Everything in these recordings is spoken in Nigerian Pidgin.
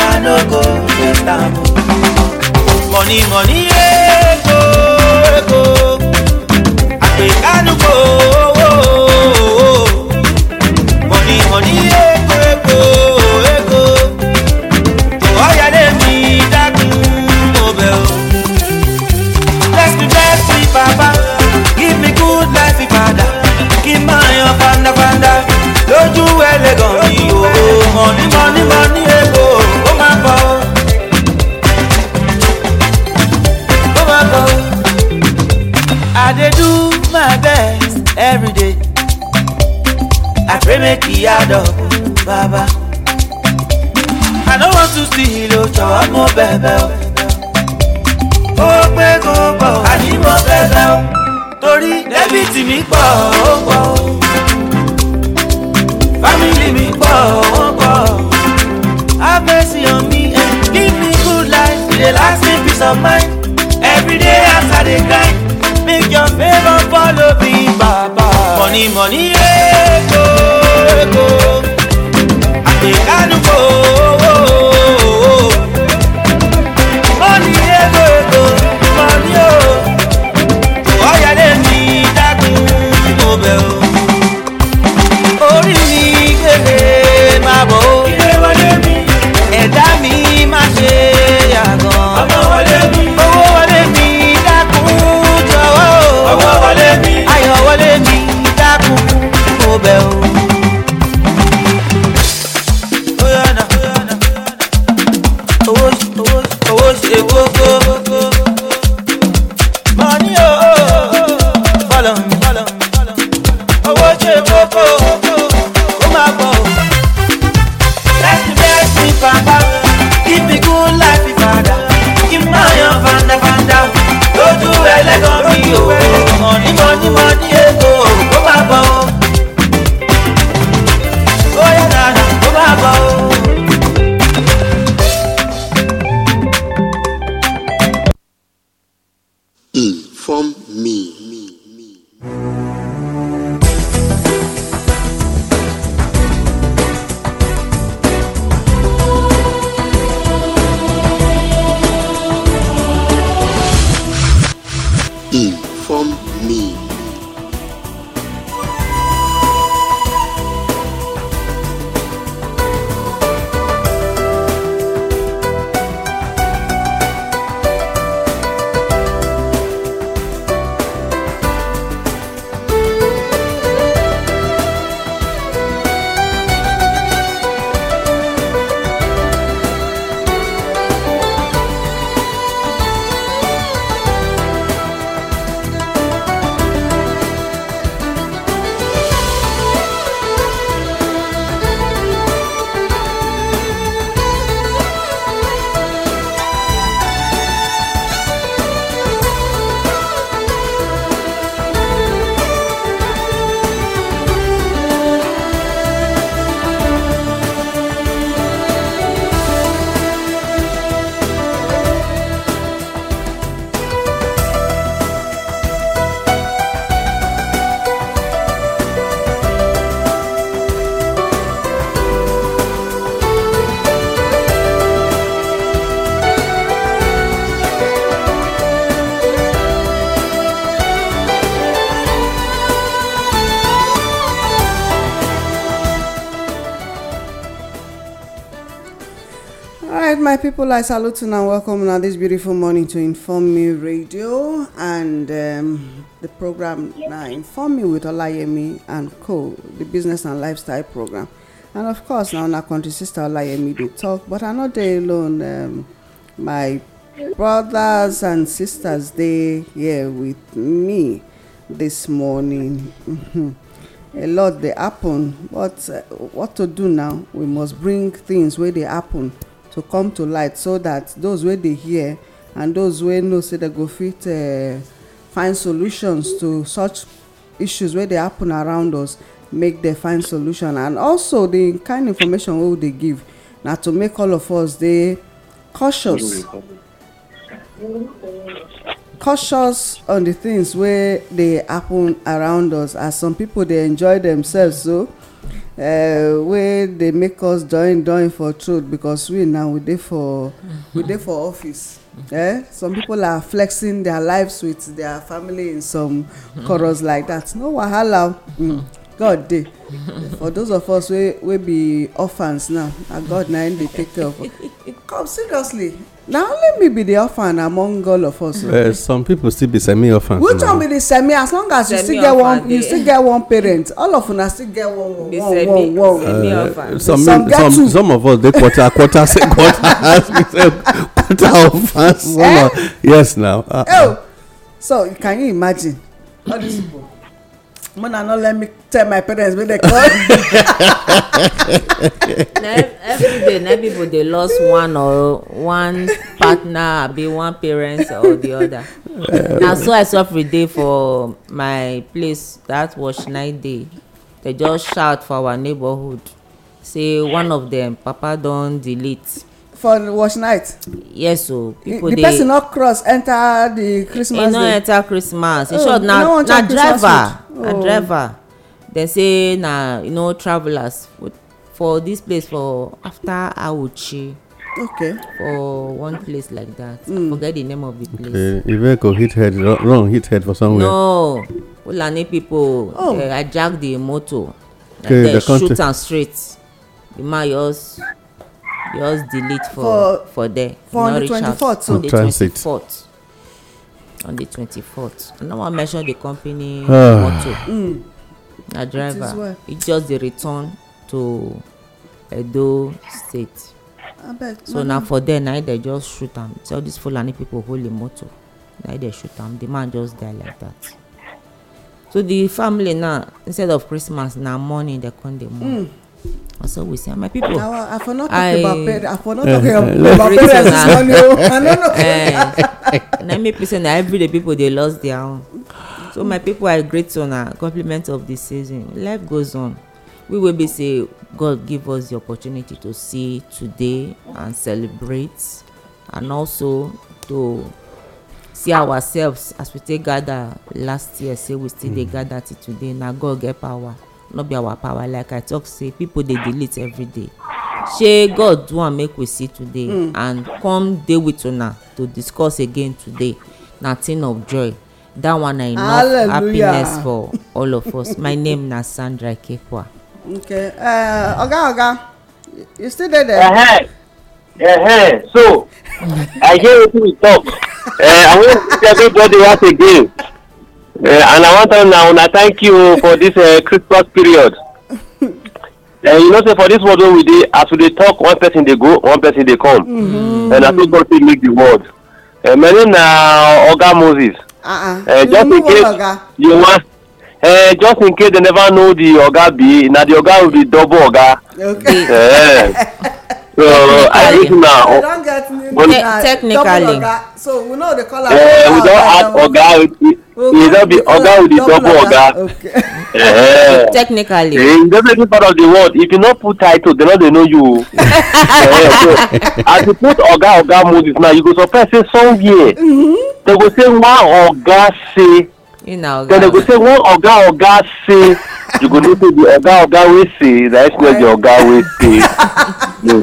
i no go waste money money ego ego àgbékánu kò go. money money ego ego ego tó ọ̀yàlẹ̀ mi dákun mo bẹ̀ o. bless me bless me papa give me good life ìpadà kí n máa yan fandafanda lójú ẹlẹ́gàn mi o oh, oh. money money money. pray make e add up baba. I don't want to see ìlò jọ̀wọ́ mo bẹ̀bẹ̀ Oh, ó pé kó pọ̀ àní mo bẹ̀bẹ̀ o. torí dẹ́bìtì mi pọ̀ ó pọ̀ o. fámìlì mi pọ̀ ó have mercy on me and give me good life. e last me peace of mind. every day I start dey grind. make your favor follow me baba. money money yeah. go. I think I people i salute you and welcome now this beautiful morning to inform me radio and um, the program now inform me with olayemi and co the business and lifestyle program and of course now our country sister olayemi dey talk but i no dey alone um, my brothers and sisters they here with me this morning mm-hmm. a lot they happen but uh, what to do now we must bring things where they happen to come to light so that those wey dey hear and those wey know say dem go fit uh, find solutions to such issues wey dey happen around us make dem find solution and also the kind information wey we dey give na to make all of us dey cautious cautious on the things wey dey happen around us as some people dey enjoy themselves so Eh, wey dey make us join join for truth because we now we dey for we dey for office eh some people are flexing their lives with their family in some chorus like that no wahala mm, god dey for those of us wey wey be orphans now na god na him dey take care of us come seriously na only me be the orphan among all of us. Uh, some people still be semi orphan. which one be the semi as long as you still get one you still get one parent all of una still get one one one one. Uh, some some, some, some of us dey quarter quarter say quarter quarter orphans. Eh? yes now. Uh -uh. oh so can you imagine all these people. When I not let me tell my parents when they call. every day, na people they lost one or one partner, be one parent or the other. Now so I suffer day for my place. That was night day. They just shout for our neighborhood. Say one of them, Papa don't delete for wash night. yes o people dey the person no cross enter the christmas day. e no enter christmas in oh, short na na driver na oh. driver dem say na you know travellers for this place for after awuchi. okay. for one place like that. Mm. I forget the name of the place. Okay. Iveco hit head wrong hit head for somewhere. No, Fulani people oh. uh, hijack the motor. Okay, and they the shoot am straight. The man just just delete for for, for there for on the twenty-fourth on the twenty-fourth on the twenty-fourth i no wan mention the company ah. motor mm. na driver It just dey return to edo state abeg so na for there na they just shoot am tell these fulani people hold the motor na they shoot am the man just die like that so the family now instead of christmas na morning they come dey mourn. Mm. That's what we say. My people. Now, I for not talking about parents. I for not eh, talking eh, about parents. Oh. I don't know. Eh, now, me person, every day people they lost their own. So my people are grateful now. Compliment of the season. Life goes on. We will be say God give us the opportunity to see today and celebrate, and also to see ourselves as we take gather last year. Say we still mm. they gather till today. Now God get power no be our power like i talk say people dey delete every day shey god do am make we see today mm. and come dey with una to discuss again today na thing of joy that one na enough Hallelujah. happiness for all of us my name na sandra kekwa. okay uh, oga oga you still dey there. Uh eh, -huh. Eh, uh eh, -huh. so i hear wetin we talk uh, i wan tell everybody once again Uh, and i want to now una thank you for dis uh, christmas period uh, you know say for this world we dey as we talk one person they go one person they come mm-hmm. and i think god fit make the world my name na oga moses just in case you wan just in case dem never know the oga be now the oga will be double oga so i think na technically so we know the color uh, we don add oga e don be oga with the double oga uh, technically in every part of the world if you no put title they no dey know you uh, so as you put oga oga moses now you go surprise say year, mm-hmm. they go say one oga say then dem go say one oga oga say you go know say the wey say na experience the oga wey say no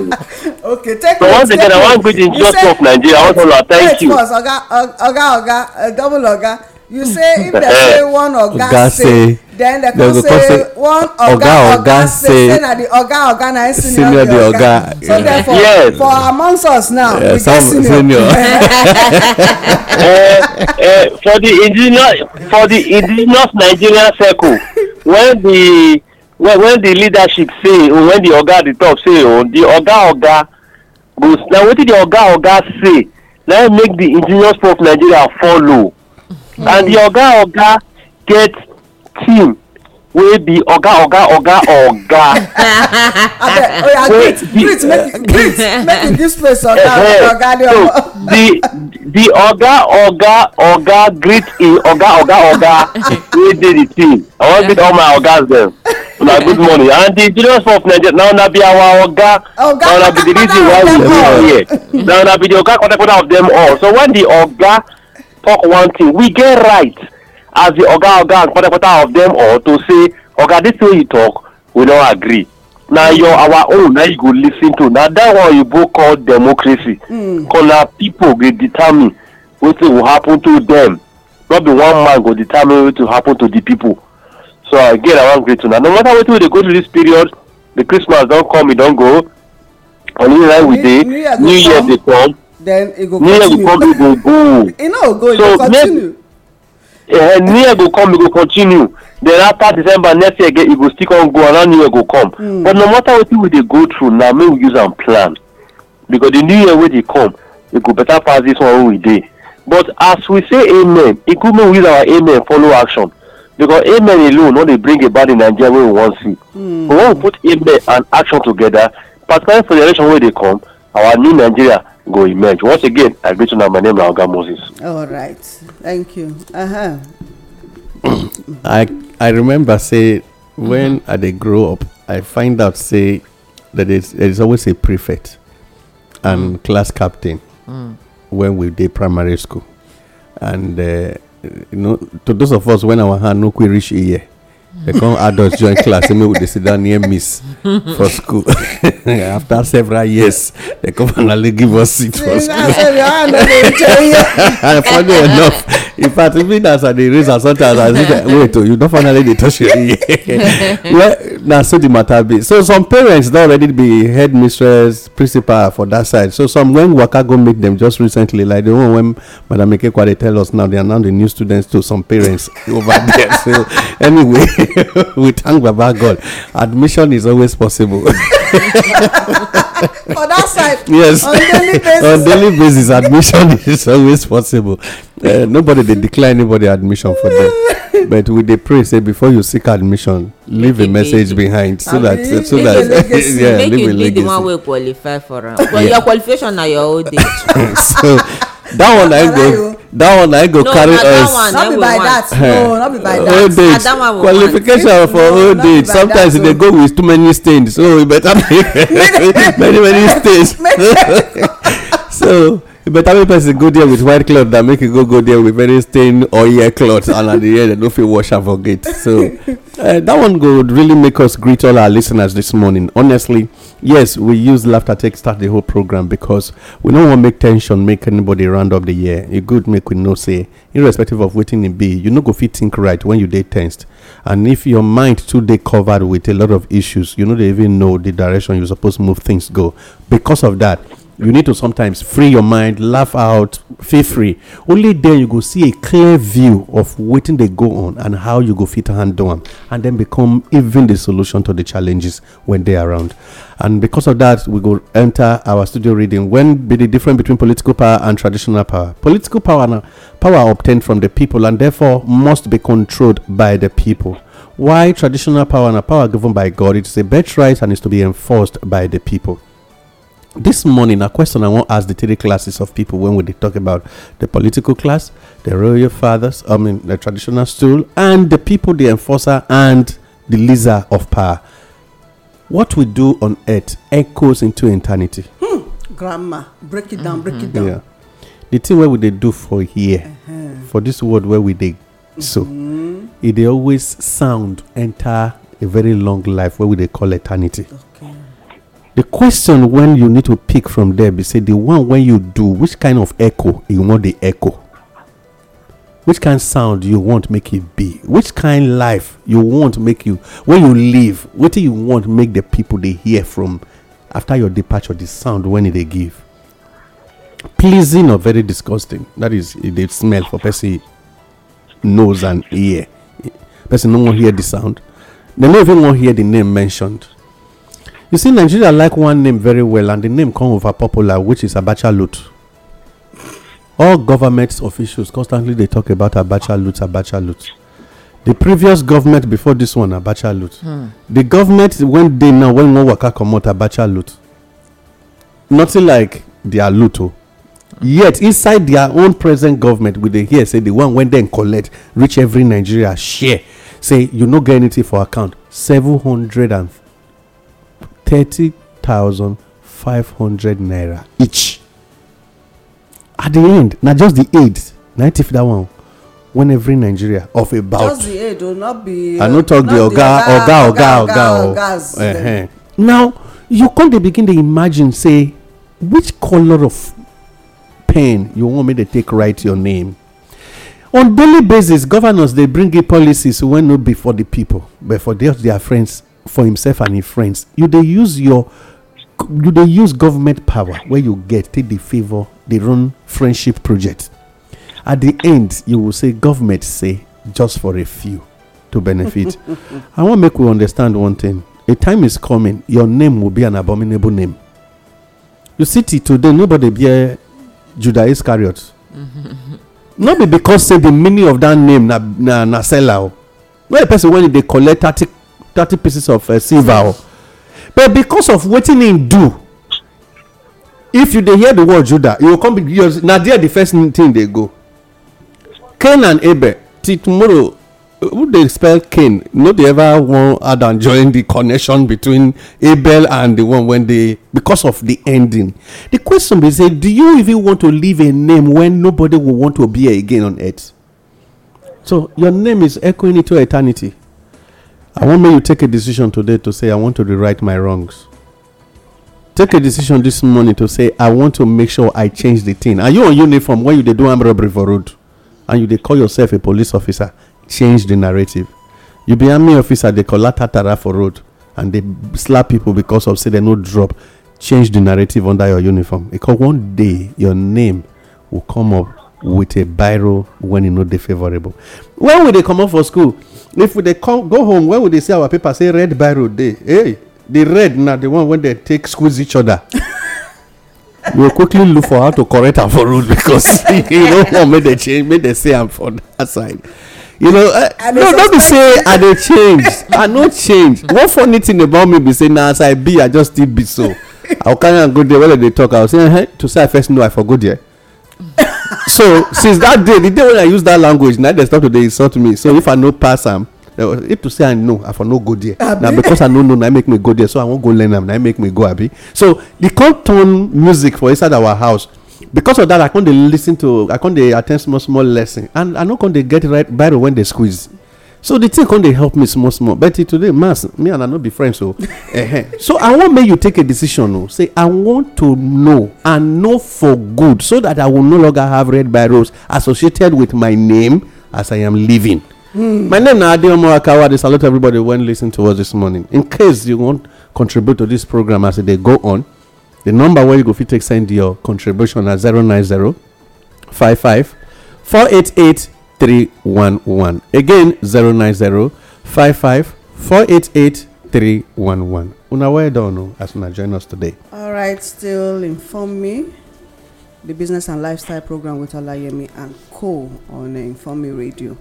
okay take so once again i wan greet the just of nigeria once all thank you oga oga oga double oga you say if dem say one oga say then dem come say one oga oga say na the oga oga na senior the oga so therefore for amongst us now we get senior eh, eh, for the indigenous for the indigenous nigerian circle when the when when the leadership say or when the oga at the top say oh the oga oga go na wetin the oga oga say na make the indigenous people of nigeria follow and the hmm. oga oga get team wey be oga oga oga oga wey be eh, eh, the the oga oga oga greet im oga oga oga wey dey the team i wan greet all my ogas dem una good morning and the junior sport of nigeria na una be our oga na una be the reason why we dey here na una be the oga kpatakpata of them all so when the oga talk one thing we get right as the oga oga and patapata of them all to say oga this way you talk we no agree na your our own na you go lis ten to na that one oyibo call democracy hmm. na pipo go determine wetin go happen to dem no be one man go determine wetin happen to di pipo so again i wan greet una no matter wetin we dey go through dis period the christmas don come e don go on new year we dey new year dey come e new year go come e go go e e so make uh, new year go come e go continue then after december next year again e go still come go and another new year go come mm. but no matter wetin we dey go through now make we use am plan because the new year wey dey come e go better pass this one wey we dey but as we say amen e good make we use our amen follow action because amen alone no dey bring about the nigeria wey we wan see mm. but when we put amen and action together particularly for the election wey dey come our new nigeria go emerge once again i greet una my name na oga moses. all right thank you. Uh -huh. i i remember say when i dey grow up i find out say there is there is always a prefect and mm. class captain mm. when we dey primary school and uh, you know to those of us when our hand no quick reach year they come adults join class say make we dey sit near miss for school after several years they come finally give us seat for school funny enough in fact even as i dey raise am sometimes i see that wait o oh, you don finally dey touch your ear well na so the matter be so some parents don already be headmistress, principal for that side so some when waka go meet them just recently like the one when madam ekekwa dey tell us now they are now the new students to some parents over there so anyway we thank baba god admission is always possible for that side yes on daily basis on daily basis admission is always possible uh, nobody they decline anybody admission for there but we they pray say before you seek admission leave a message behind so that so that yeah leave a legacy be the one wey qualify for am but your qualification are your old age. so that one I go that one na go carry us no be by that no not be by that one old age qualification for old age sometimes e dey go with too many stains so we better make many many stains so better make person go there with white cloth than make you go go there with very stained or ear cloth and at the end dem no fit wash am for gate so uh, that one go really make us greet all our listeners this morning honestly yes we use laughter take start the whole program because we no wan make tension make anybody round up the year e good make we know say irrespective of wetin e be you no go fit think right when you dey tensed and if your mind too dey covered with a lot of issues you no dey even know the direction you suppose move things go because of that you need to sometimes free your mind laugh out feel free only then you go see a clear view of wetin dey go on and how you go fit handle am and then become even the solution to the challenges when dey around and because of that we go enter our studio reading when be the difference between political power and traditional power political power na power obtained from the people and therefore must be controlled by the people Why traditional power na power given by god it is a birthright and is to be enforced by the people this morning a question i want to ask the three classes of people when we talk about the political class the royal fathers i mean the traditional stool and the people the enforcer and the leaser of power what we do on earth echoes into eternity hmm. grammar break it down mm-hmm. break it down yeah. the thing where we they do for here uh-huh. for this world where we they mm-hmm. so it they always sound enter a very long life where we they call eternity okay the question when you need to pick from there be say the one when you do which kind of echo you want the echo which kind sound you want make it be which kind life you want make you when you leave What you want make the people they hear from after your departure the sound when they give pleasing or very disgusting that is the smell for person nose and ear person no wan hear the sound They no even wan hear the name mentioned You see, Nigeria like one name very well, and the name come over popular, which is Abacha Loot. All government officials constantly they talk about Abacha Loot, Abacha Loot. The previous government before this one, Abacha Loot. Hmm. The government when they now when one waka come out Abacha Loot. Nothing like their loot. Oh. Yet inside their own present government, we dey hear say the one when they collect reach every Nigeria share. Say you no get anything for account seven hundred and 30500 naira each at the end na just the aid na for that one when every nigeria of about just the aid will oh, not be i no tok di oga oga oh. uh-huh. oga oga now you come dey begin to imagine say which color of pen you want me to take write your name on daily basis governors they bring in policies when not before the people, but for their their friends for himself and his friends you they use your you they use government power where you get take the favor, they run friendship project at the end you will say government say just for a few to benefit i wan make we understand one thing a time is coming your name will be an abominable name you see till today nobody bear judah iscariot Not be because say the meaning of that name na na na seller o no be person when they collect thirty thirty pieces of eh, silver but because of wetin him do if you dey hear the word judah you go come be yours na there the first thing dey go cain and abel till tomorrow who dey spell cain no dey ever wan add and join the connection between abel and the one when dey because of the ending the question be say do you even want to leave a name when nobody go want to be again on earth so your name is echoing into eternity I want me you take a decision today to say, I want to rewrite my wrongs. Take a decision this morning to say, I want to make sure I change the thing. Are you on uniform when you they do armed robbery for road? And you they call yourself a police officer. Change the narrative. You be army officer, they call tatara for road and they slap people because of say they no drop. Change the narrative under your uniform. Because one day your name will come up with a biro when e no dey favourable when they come out for school if they come go home when we they see our paper say red biro day. hey the red now the one when they take squeeze each other we will quickly look for how to correct our rules because you know, want make the change make dem say I'm for that side you know uh, no no be say i dey change i no change one funny thing about me be say now? as i be i just still be so i go carry am go there when they dey talk i go say eh, to say i first know i for go there so since that day the day when i use that language na dem stop to dey insult me so if i no pass am eh, if to say i know i for no go there na because i no know na make me go there so i wan go learn am na make me go abi so the come turn music for inside our house because of that i come dey lis ten to i come dey at ten d small small lesson and i no come dey get right bible when dey squeeze so the thing come dey help me small small betty today mass me and i no be friends o oh. so i wan make you take a decision o oh. say i want to know and know for good so that i will no longer have red barrows associated with my name as i am living hmm. my name na adeomo akawa dey salute everybody wen lis ten to us this morning in case you wan contribute to this program as e dey go on the number wey you go fit take send your contribution na four eight eight. 311. Again, 090 55 488 311. Una well done oh, as una join us today. All right, still inform me. The business and lifestyle program with Olayemi and Co on uh, Inform Me Radio.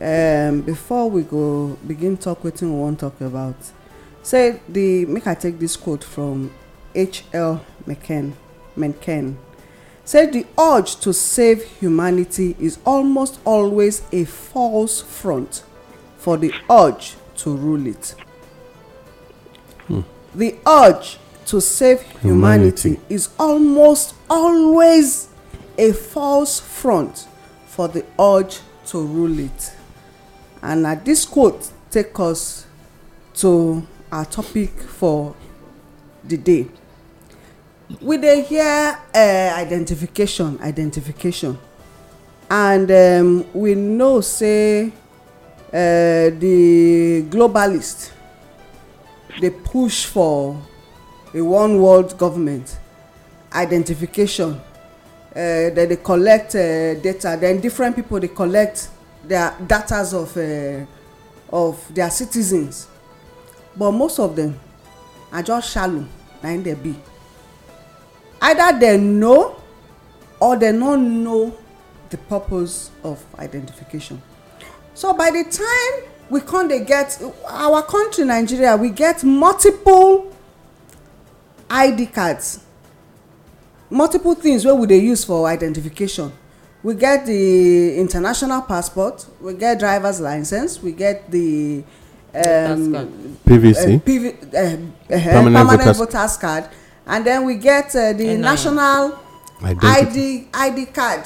Um, before we go begin talk wetin we wan talk about say the make i take this quote from hl mckenn mckenn said the urge to save humanity is almost always a false front for the urge to rule it. Hmm. The urge to save humanity, humanity is almost always a false front for the urge to rule it. And na uh, this quote take us to our topic for the day we dey hear eh, identification identification and um, we know say eh, the globalists dey push for a one world government identification eh, dem dey collect data then different people dey collect their datas of of their citizens but most of them are just shallow na im dey be either dem know or dem no know the purpose of identification so by the time we come dey get our country nigeria we get multiple id cards multiple things wey we dey use for identification we get the international passport we get drivers license we get the um, pvc uh, PV, uh, uh, permanent, permanent voters card and then we get uh, the NIN. national ID ID card.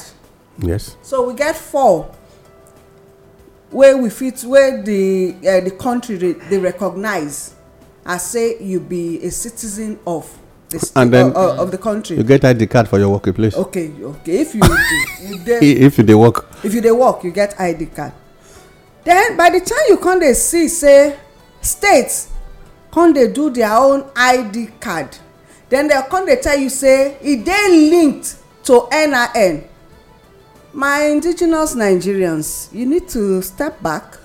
Yes. So we get four wey we fit wey the uh, the country dey dey recognize as say you be a citizen of the state and then uh, uh, of the country. you get id card for your working place. okay okay if you you dey. if you dey work. if you dey work you get id card. then by the time you come dey see say states come dey do their own id card then dem come dey tell you say e dey linked to nrn my indigenous nigerians you need to step back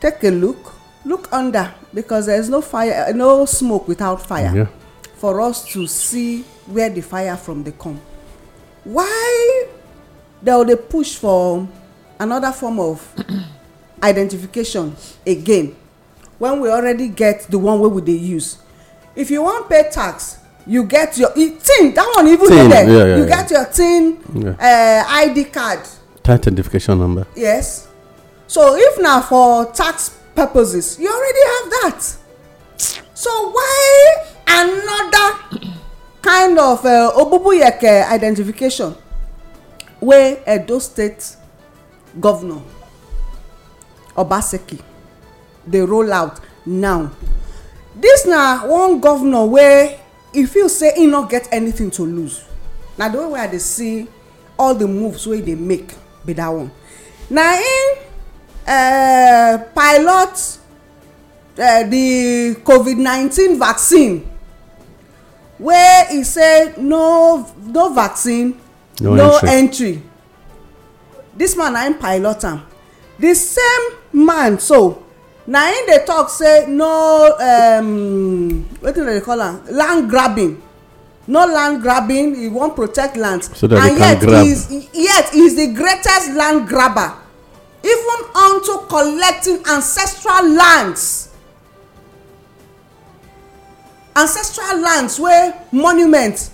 take a look look under because there is no fire no smoke without fire yeah. for us to see where the fire from dey come why dem dey push for another form of identification again when we already get the one wey we dey use if you wan pay tax you get your tin that one even dey there you get your tin uh, id card identification number yes so if na for tax purposes you already have that so why another kind of uh, ogbubuyeke identification wey edo state governor obaseki dey roll out now dis na one governor wey e feel say e no get anything to lose na the way wey i dey see all the moves wey e dey make be that one na im uh, eh, pilot uh, the covid-19 vaccine wey e say no no vaccine no, no entry. entry this man na im pilot am the same man so na him dey talk say no um, wetin dem dey call am land grabbing no land grabbing he wan protect land so and yet he's yet he's the greatest land grabber even unto collecting ancestral lands ancestral lands wey monument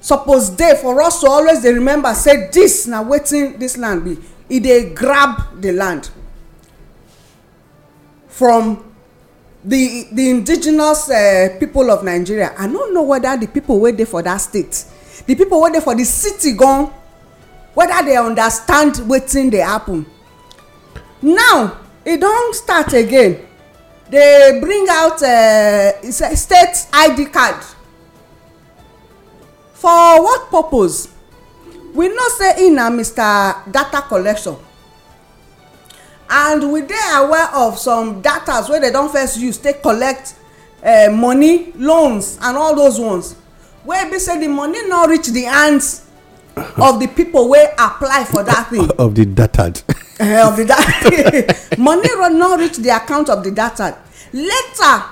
suppose dey for us to always dey remember say this na wetin this land be e dey grab the land from the the indigenous uh, people of nigeria i no know whether the people wey dey for that state the people wey dey for the city gone whether they understand wetin dey happen now e don start again dey bring out uh, state id card for what purpose we know say e na mr data collection and we dey aware of some datas wey dem don first use take collect eh, money loans and all those ones wey be say the money no reach the hands of the people wey apply for that thing of di datad eh, of the datad money no reach the account of the datad later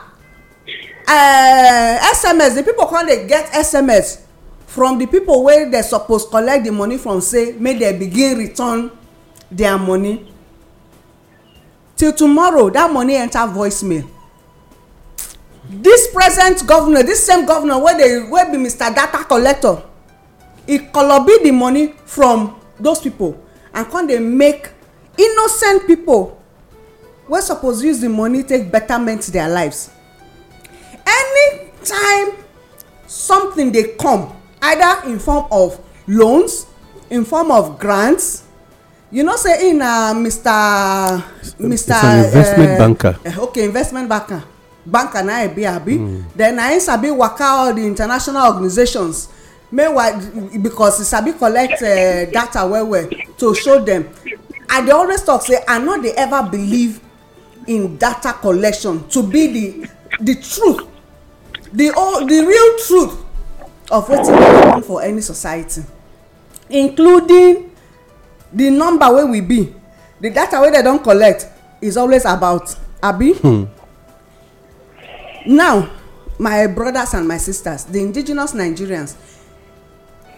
sms eh, the people come dey get sms from the people wey dey suppose collect the money from say make dem begin return their money till tomorrow that money enter voicemail this present governor this same governor wey dey wey be mr data collector e kolobi the money from those people and come dey make innocent people wey suppose use the money take betterment their lives anytime something dey come either in form of loans in form of grants you know say in na mr mr uh, investment uh, banker eh, okay investment banker banker na e be abi hmm. then na him e sabi waka all the international organizations. meanwhile because he sabi collect eh, data well well to show them. i dey always talk say i no dey ever believe in data collection to be the the truth the whole the real truth of wetin dey happen for any society including the number wey we be the data wey dem don collect is always about abi hmm. now my brothers and my sisters the indigenous nigerians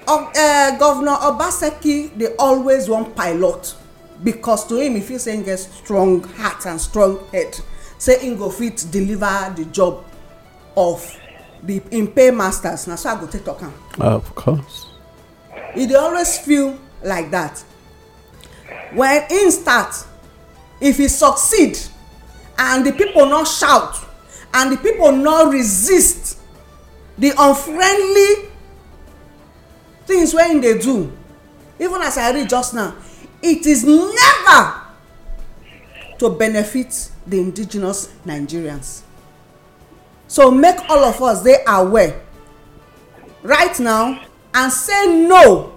of uh, governor obaseki dey always wan pilot because to him e feel say he get strong heart and strong head say he go fit deliver the job of the im pay masters na so i go take talk am. of course. e dey always feel like that when im start if he succeed and the people no shout and the people no resist the unfriendly things wey im dey do even as i read just now it is never to benefit the indigenous nigerians so make all of us dey aware right now and say no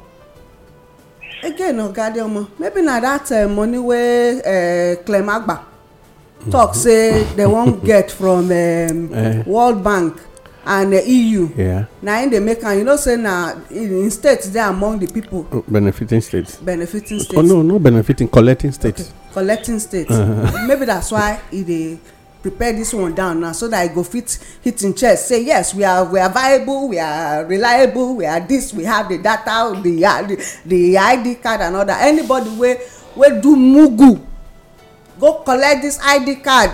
again oga adeomo maybe na dat eh, money wey eh, clem agba talk mm-hmm. say dem wan get from um, eh. world bank and eu e na im dey make am you know say na im state dey among di pipo oh, benefiting states benefiting states oh no no benefiting collecting states collecting states maybe that's why e dey prepare this one down now so that i go fit hit him chest say yes we are we are viable we are reliable we are this we have the data the uh, the, the id card and all that anybody wey wey do mugu go collect this id card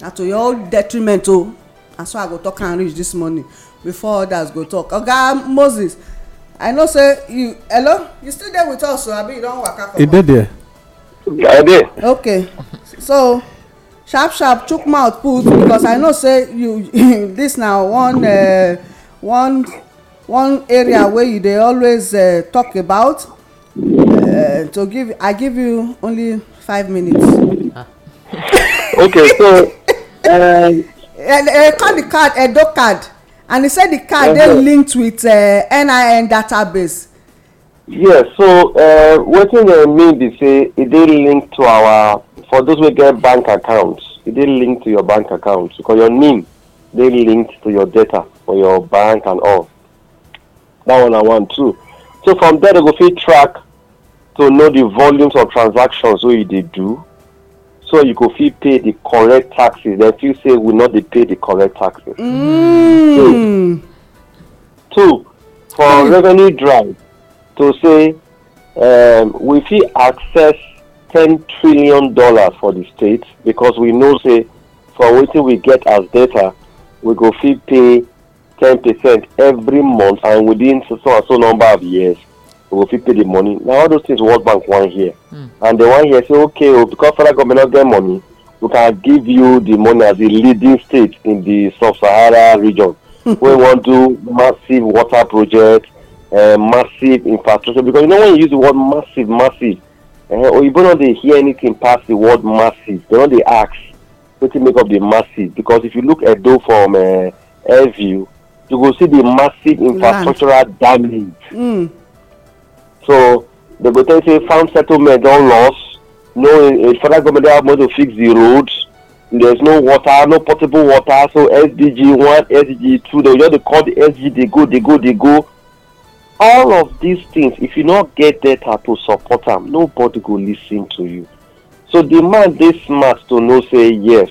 na to your own detriment o oh. na so i go talk am reach this morning before others go talk oga okay, moses i know say you hello you still dey with us o abi you don waka comot. e dey there. i dey. okay so sharp sharp chook mouth put because i know say you this na one uh, one one area wey you dey always uh, talk about uh, to give i give you only five minutes. okay so. Uh, uh, call the card edo card and he say the card okay. dey uh-huh. linked with uh, nin database. yes yeah, so uh, wetin i mean be say e dey linked to our for those who get bank accounts, it didn't link to your bank account because your name they linked to your data or your bank and all. That one I want too. So from there they go fit track to know the volumes of transactions wey they do. So you go fit pay the correct taxes. Then you say we not they pay the correct taxes. Mm. So, two for mm. revenue drive to say um, we fit access ten trillion dollars for the state because we know say for wetin we get as data we go fit pay ten percent every month and within so and so number of years we go fit pay the money na all those things world bank wan hear mm. and they wan hear say okay o oh, because federal government no get money we can give you the money as the leading state in the sub-sahara region wey wan do massive water project uh, massive infrastructure because you know when you use the word massive massive uh, oyibo no dey hear anything pass the word masses They no dey ask wetin make up the masses because if you look edo from uh, airview you go see the massive infrastructural Land. damage mm. so dem go tell you say farm settlement don loss no uh, federal government have money to fix the roads. there's no water no portable water so sdg one sdg two They just dey call the sdg dey go dey go dey go all of these things if you no get data to support am um, nobody go listen to you so the man dey smart to know say yes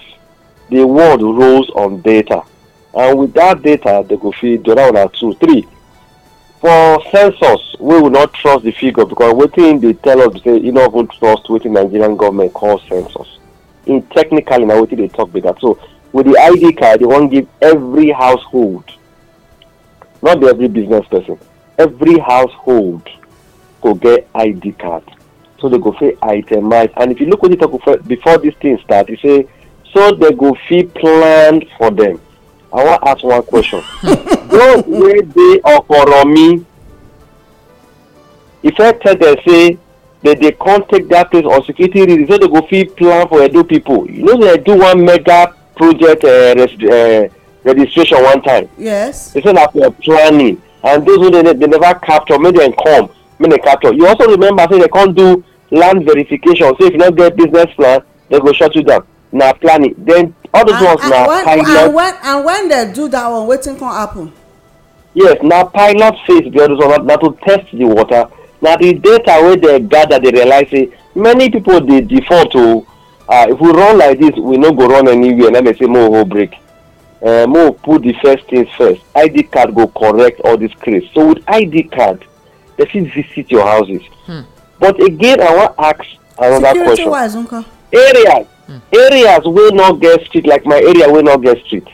the world rolls on data and with that data they go fit do that one and two three for census we will not trust the figure because wetin dey tell us be say e no even trust wetin nigerian government call census in technically na wetin dey talk be that so with the id card they wan give every household not be every business person every household go get id card so they go fit itemize and if you look at it, before this thing start you say so they go fit plan for them i wan ask one question those wey dey me? If I tell them say dem dey come take that place on security reasons so they go fit plan for edo people you know they do one mega project uh, uh, registration one time yes they say na for planning and those who they, they never capture make dem come make dem capture you also remember say they come do land verification So if you no get business plan they go shut you down na planning then all those and, ones na pilot and when and when they do that one wetin come happen. yes na pilot phase be all those ones na to test the water na the data wey dem gather dey realize say many people dey default o uh, if we run like this we no go run anywhere Let me say mo ho break uh, mo put the first things first id card go correct all these craze so with id card they fit visit your houses hmm. but again i wan ask another Security question wise, uncle. areas hmm. areas wey no get street like my area wey no get street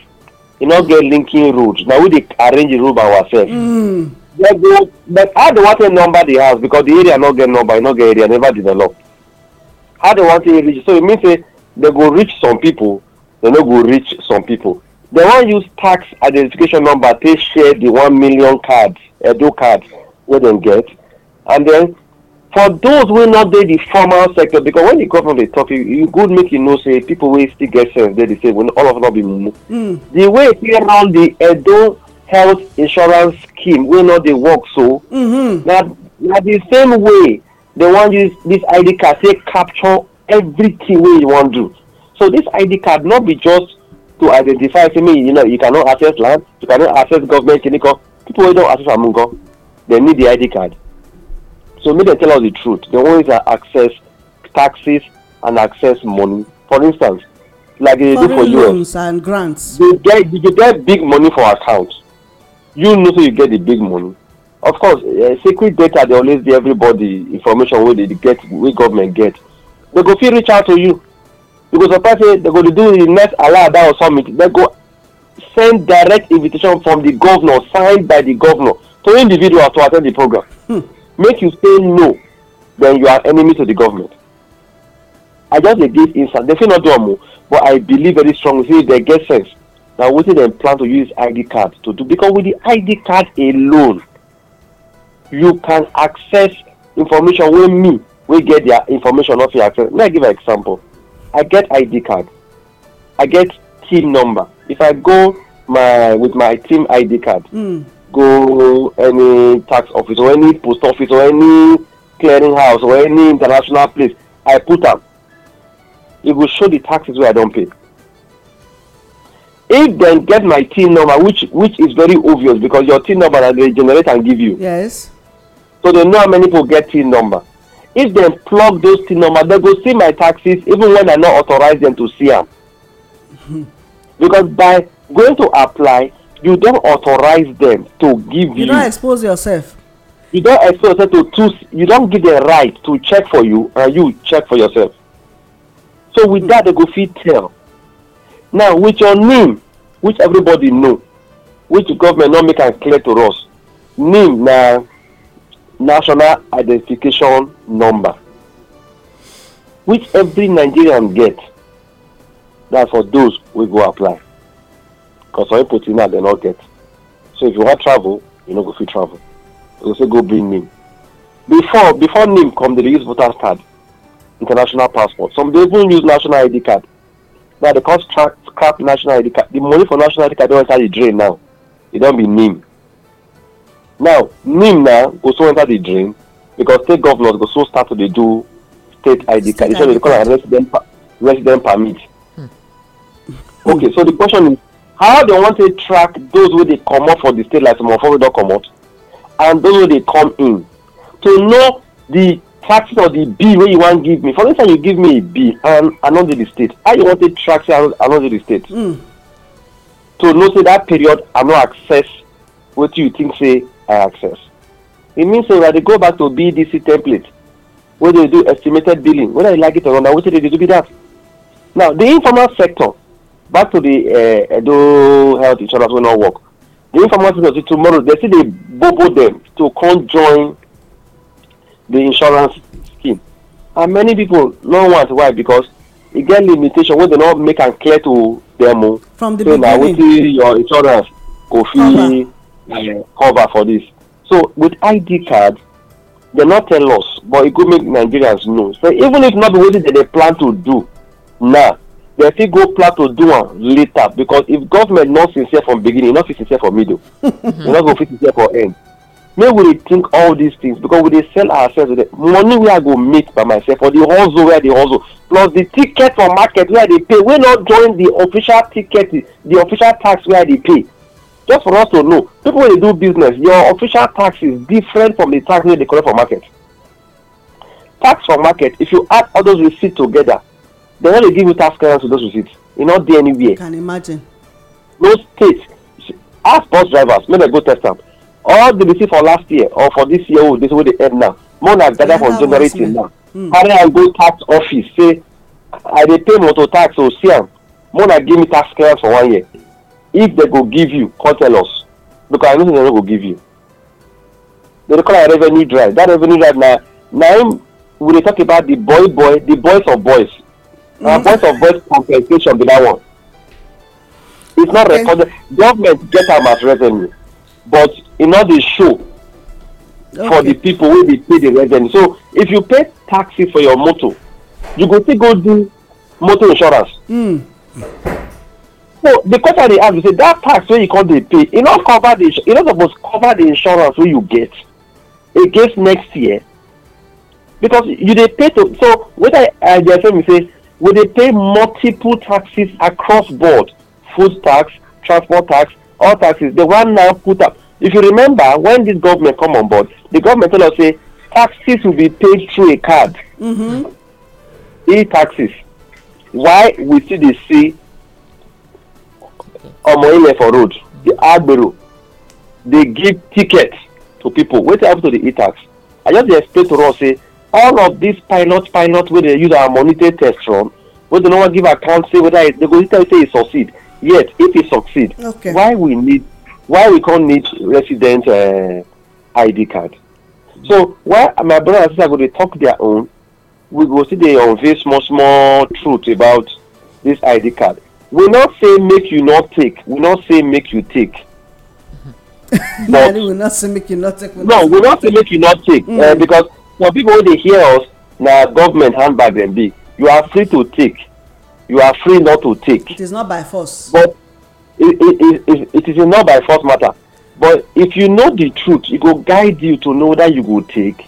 e no get linking road na we dey arrange the road by ourselves. Mm. Yeah, go, but how dey wan take number the house because the area no get number e no get area never develop how dey wan take reach so e mean say dey go reach some people dey no go reach some people dem wan use tax identification number take share di one million cards, edo cards, wey dem get and then for those wey no dey the formal sector because when di government dey talk you good make you know say people wey still get sense dey the same all of us no be mumu hmm. the way e fit run di edo health insurance scheme wey no dey work so mm-hmm. na the same way dem wan use dis id card take capture everything wey you wan do so this id card no be just to identify say me, you know you cannot access land you cannot access government clinical people wey don access am nko dem need the id card so make dem tell us the truth dem wan use access taxes and access money for instance like they dey do for us loans and grants they get they get big money for account you know say you get the big money of course uh, secret data dey always dey everybody information wey dey get wey government get they go fit reach out to you you go surprise say dem go dey do the next alaaba or summit they go send direct invitation from the governor signed by the governor to individuals to attend the program hmm. make you say no then you are enemy to the government i just dey give insight They fit not do am o but i believe very strongly say dem get sense na wetin dem plan to use id card to do because with the id card alone you can access information wey me wey get their information no fit access make i give an example I get ID card. I get team number. If I go my with my team ID card, mm. go any tax office or any post office or any clearing house or any international place, I put up. It will show the taxes where I don't pay. If then get my team number which which is very obvious because your team number that they generate and give you. Yes. So they know how many people get team number if dem plug those things normal dem go see my taxes even when i no authorize dem to see am hmm. because by going to apply you don authorize dem to give you you don expose yourself you don expose yourself to choose you don give dem right to check for you and you check for yourself so with that dem go fit tell now with your name which everybody know which government no make am clear to us name na national identification number, which every Nigerian get. That for those we go apply. Because some people now they not get. So if you want travel, you know go fit travel. You also go bring name. Before before name come, they use voter card, international passport. Some they even use national ID card. Now they can't scrap national ID card. The money for national ID card don't enter the drain now. It don't be name. now nim na go so enter the dream because state governors go so start to dey do state id card so they call am resident resident permit hmm. okay so the question is how they wan take track those wey dey comot for the state like some of them wey don comot and those wey dey come in to know the taxes or the bill wey you wan give me for this time? you give me a bill and i no dey the state how you wan take track say i no dey the state hmm. to know say that period i no access wetin you think say access. It means say that they go back to BDC template where they do estimated billing, whether you like it or not, which they do be that. Now, the informal sector, back to the uh, Edo health insurance will not work. The informal sector tomorrow, they see they bobo them to come join the insurance scheme. And many people don't want why because e get limitation wey dem no make am clear to dem o. from the so beginning so na wetin your insurance go fit. Um, cover for this. So with ID card, they not tell us, but it could make Nigerians know. So even if not what they plan to do now, nah, they still go plan to do one later because if government not sincere from beginning, not sincere from middle, you not go sincere for end. May we think all these things because we they sell ourselves with the money we are go make by myself or the hustle where the hustle plus the ticket for market where they pay. We not join the official ticket, the official tax where they pay just for us to know people wey dey do business your official tax is different from the tax wey dey collect for market tax for market if you add all those receipts together dem no dey give you tax clearance with those receipts e no dey anywhere. can imagine. no state ask bus drivers make dem go test am all the receipts for last year or for this year old oh, this wey dey end now more na gather from january till now hmm. carry am go tax office say i dey pay motor tax o oh, see am more na give me tax clearance for one year if they go give you come tell us because i know say dem no go give you They dey call am revenue drive that revenue drive na na im we dey talk about the boy boy the boys of boys na mm. boys of boys compensation be that one it's not okay. recorded government get am as revenue but e no dey show okay. for the people wey dey pay the revenue so if you pay taxi for your motor you go still go do motor insurance. Mm no the question i dey ask be say that tax wey you come dey pay e no cover the e no suppose cover the insurance wey you get against next year because you dey pay to so wetin i dey explain be say we dey pay multiple taxes across board food tax transport tax all taxes the one now put up if you remember when this government come on board the government tell us say taxes will be paid through a card mm-hmm. e taxes why we still dey see omo ile for road the agbero dey give ticket to people wetin happen to the etax i just dey explain to us say all of these pilot pilot wey dey use our money take test run wey dey no wan give account say whether e dey go tell you say e succeed yet if e succeed okay. why we need why we come need resident uh, id card so why my brother and sister go dey talk their own we go still dey unveil small small truth about this id card we not say make you not take we not say make you take but we not say make you not take no we not say make you not take uh, mm. because some people wey dey hear us na government handbag dem be you are free to take you are free not to take it is not by force but it it it, it is not by force matter but if you know the truth e go guide you to know whether you go take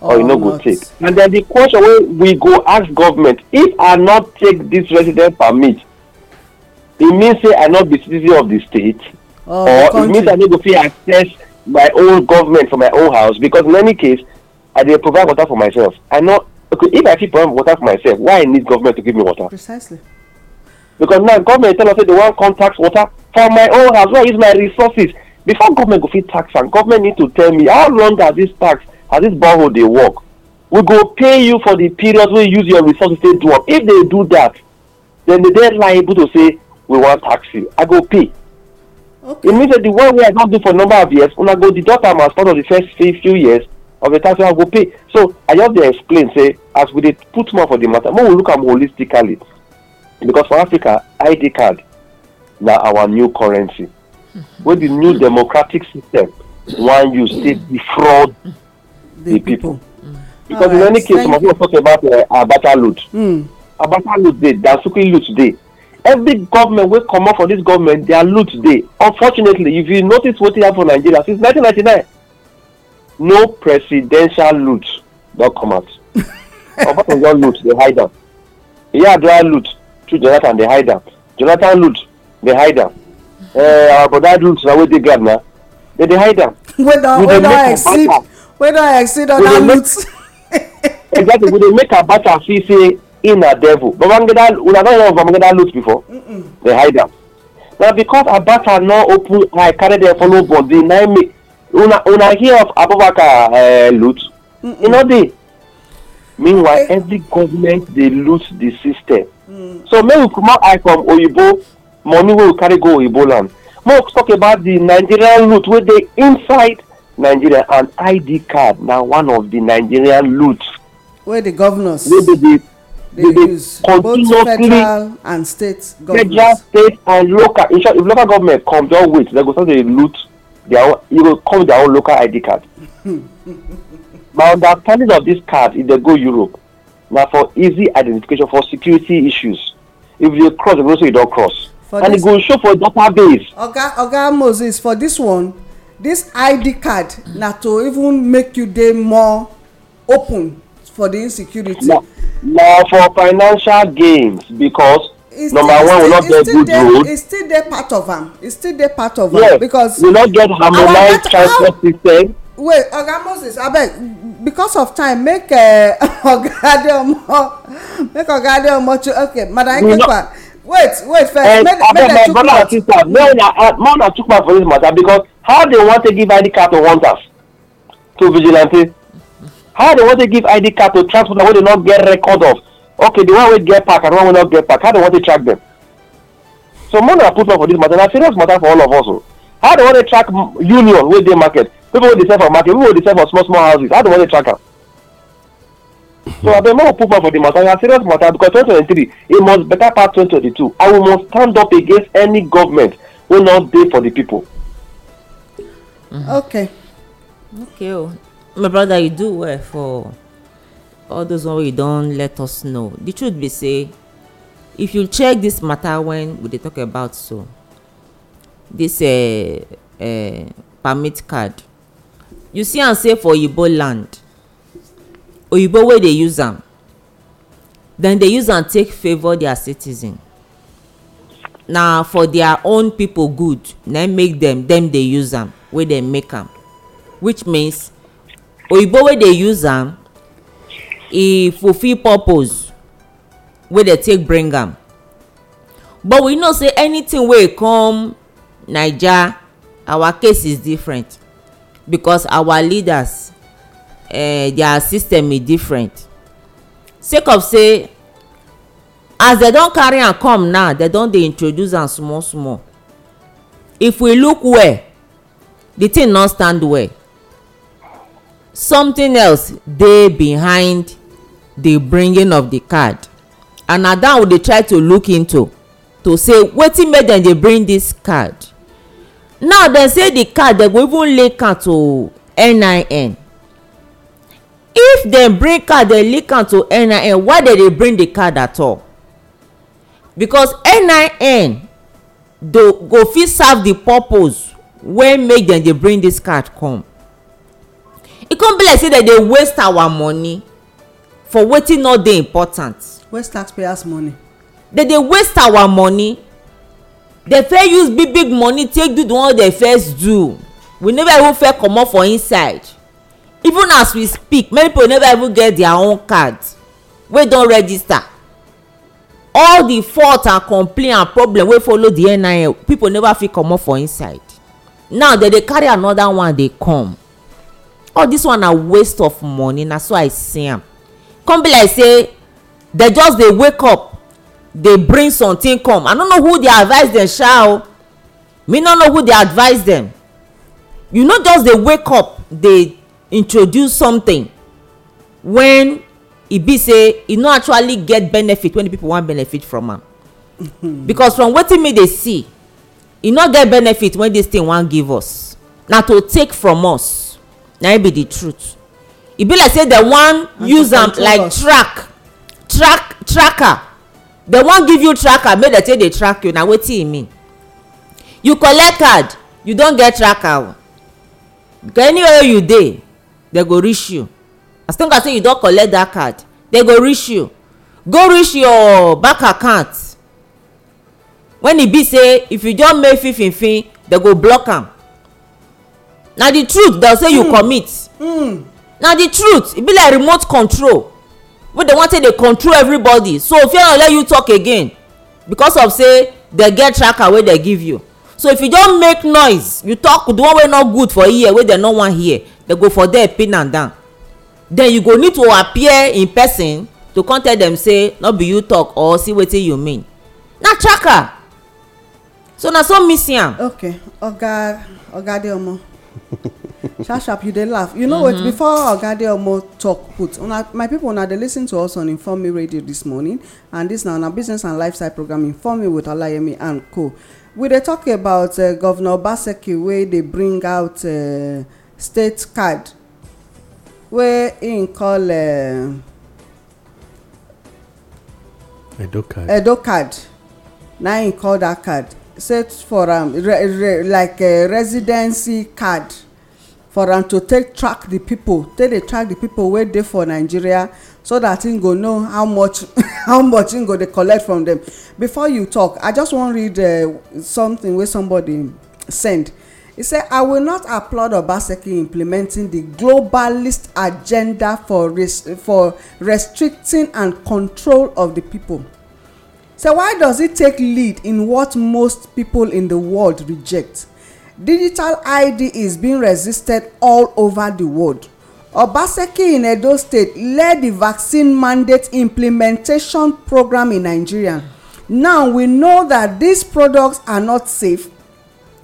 or, you no go take and then the question wey we go ask government if i not take this resident permit e mean say i no be citizen of the state oh, or e mean say i no go fit access my own government for my own house because in any case i dey provide water for myself i no okay if i fit provide water for myself why i need government to give me water precisely because now government tell us say they wan come tax water for my own house wey i use my resources before government go fit tax am government need to tell me how long has this tax has this borehole dey work we go pay you for the period wey you use your resources take do am if they do that then they dey liable to say we wan tax you i go pay okay. e mean say the one wey i don do for number of years una go deduct am as part of the first few years of the tax wey i go pay so i just dey explain say as we dey put mouth for the matter make we look am holistically because for africa id card na our new currency mm-hmm. wey the new democratic system wan use take defraud the people mm. because in any case some of you talk about uh, abata load mm. abata load dey dansuki load dey every government wey comot for dis government their loot dey unfortunately if you notice wetin happen for nigeria since 1999 no presidential loot don come out obasanjo loot dey hide am yar'adua loot through jonathan dey hide am jonathan loot dey hide am eh, our broda loot na wey dey ground na dem dey hide am wey don exceed wey don exceed other loot exactly we dey make our batter feel say In a devil babangida una don hear of babangida loot before they hide them. Now, because abaka no open eye carry dem follow body na make una una hear of abubakar uh, loot You know the. meanwhile eh. every government they loot the system mm. so make we comot eye from oyibo money will carry go oyibo land make talk about the nigerian loot where they inside nigeria and id card Now one of the nigerian loot where the governors wey be they, they use and state federal state and local in short if local government come just wait they go start dey loot their own e go come their own local id card. my understanding of this card if they go europe na for easy identification for security issues if you cross you go know say you don cross for and e go show for database. oga oga moses for this one this id card na to even make you dey more open for the insecurity. na na for financial gains because it's number still, one we no get good dey, road. e still dey part of am e still dey part of am. because we no get harmonized transport system. wait oga moses abeg because of time make eh, oga uh, adeomo make oga adeomo cho okay madam nkekwa wait wait first uh, make abeg my brother and sister may una uh, may una chook mouth for this matter because how they wan take give id card to hunters to vigilante how dem wan take give id card to transport wey dem no get record of okay the one wey get park and the one wey no get park how dem wan take track dem so more na put law for this matter na serious matter for all of us o oh. how dem wan take track union wey dey market people wey dey sell for market people wey dey sell for small small houses how dem wan take track am so abeg make we put mouth for the matter na serious matter because twenty twenty three e must better pass twenty twenty two and we must stand up against any government wey no dey for the people. Mm -hmm. okay. okay o oh my brother you do well for all those one wey you don let us know the truth be say if you check this matter when we dey talk about so this uh, uh, permit card you see am say for oyibo land oyibo wey dey use am dem dey use am take favour their citizen na for their own people good na make dem dem dey use am wey dem make am which means oyibo wey dey use am e fulfil purpose wey dey take bring am but we know say anything wey come naija our case is different because our leaders uh, their system e different sake of say as dem don carry am come now dem don dey introduce am small small if we look well the thing no stand well something else dey behind the bringing of the card and na that we dey try to look into to say wetin make dem dey bring this card now dem say the card dem go even link am to nin if dem bring card dem link am to nin why dem dey bring the card at all because nin do, go fit serve the purpose wey make dem dey bring this card come e come be like say dem dey waste our money for wetin no dey important. waste taxpayers money. dem dey waste our money dem fit use big big money take do the one dem first do we never even fit comot for inside even as we speak many people never even get their own card wey don register all the fault and complain and problem wey follow the nil people never fit comot for inside now dem dey carry another one dey come all oh, this one na waste of money na so i see am come be like say dem just dey wake up dey bring something come i no know who dey advise dem sha o me no know who dey advise dem you no just dey wake up dey introduce something when e be say e no actually get benefit when the people wan benefit from am because from wetin me dey see e no get benefit when this thing wan give us na to take from us na be the truth e be like say dem wan use am like track track tracker dem wan give you tracker make dem take dey track you na wetin e mean you collect card you don get tracker anywhere you dey dem go reach you as long as say you don collect that card dem go reach you go reach your bank account when e be say if you just make fifinfin dem go block am na the truth dem say you hmm. commit hmm. na the truth e be like remote control wey dem wan take dey control everybody so fear no let you talk again because of say dem get tracker wey dem give you so if you don make noise you talk the one wey no good for ear wey dem no wan hear dem go for there pin am down then you go need to appear in person to come tell dem say no be you talk or see wetin you mean na tracker so na so miss am. okay oga oga adeomo sharp sharp you dey laugh you know what mm-hmm. before oga adeyomo talk put my people una dey listen to us on inform me radio this morning and this na una business and lifestyle program inform me with olayemi and co we dey talk about uh, governor obaseki wey dey bring out uh, state card wey im call uh, edo card na im call dat card set for am um, like residency card for am um, to take track the people take dey track the people wey dey for nigeria so that im go know how much how much im go dey collect from dem before you talk i just wan read uh, something wey somebody send e say i will not applaud obaseki implementing the globalist agenda for for restricting and control of the people." So why does it take lead in what most people in the world reject? Digital ID is being resisted all over the world. Obaseki in Edo State led the vaccine mandate implementation program in Nigeria. Now we know that these products are not safe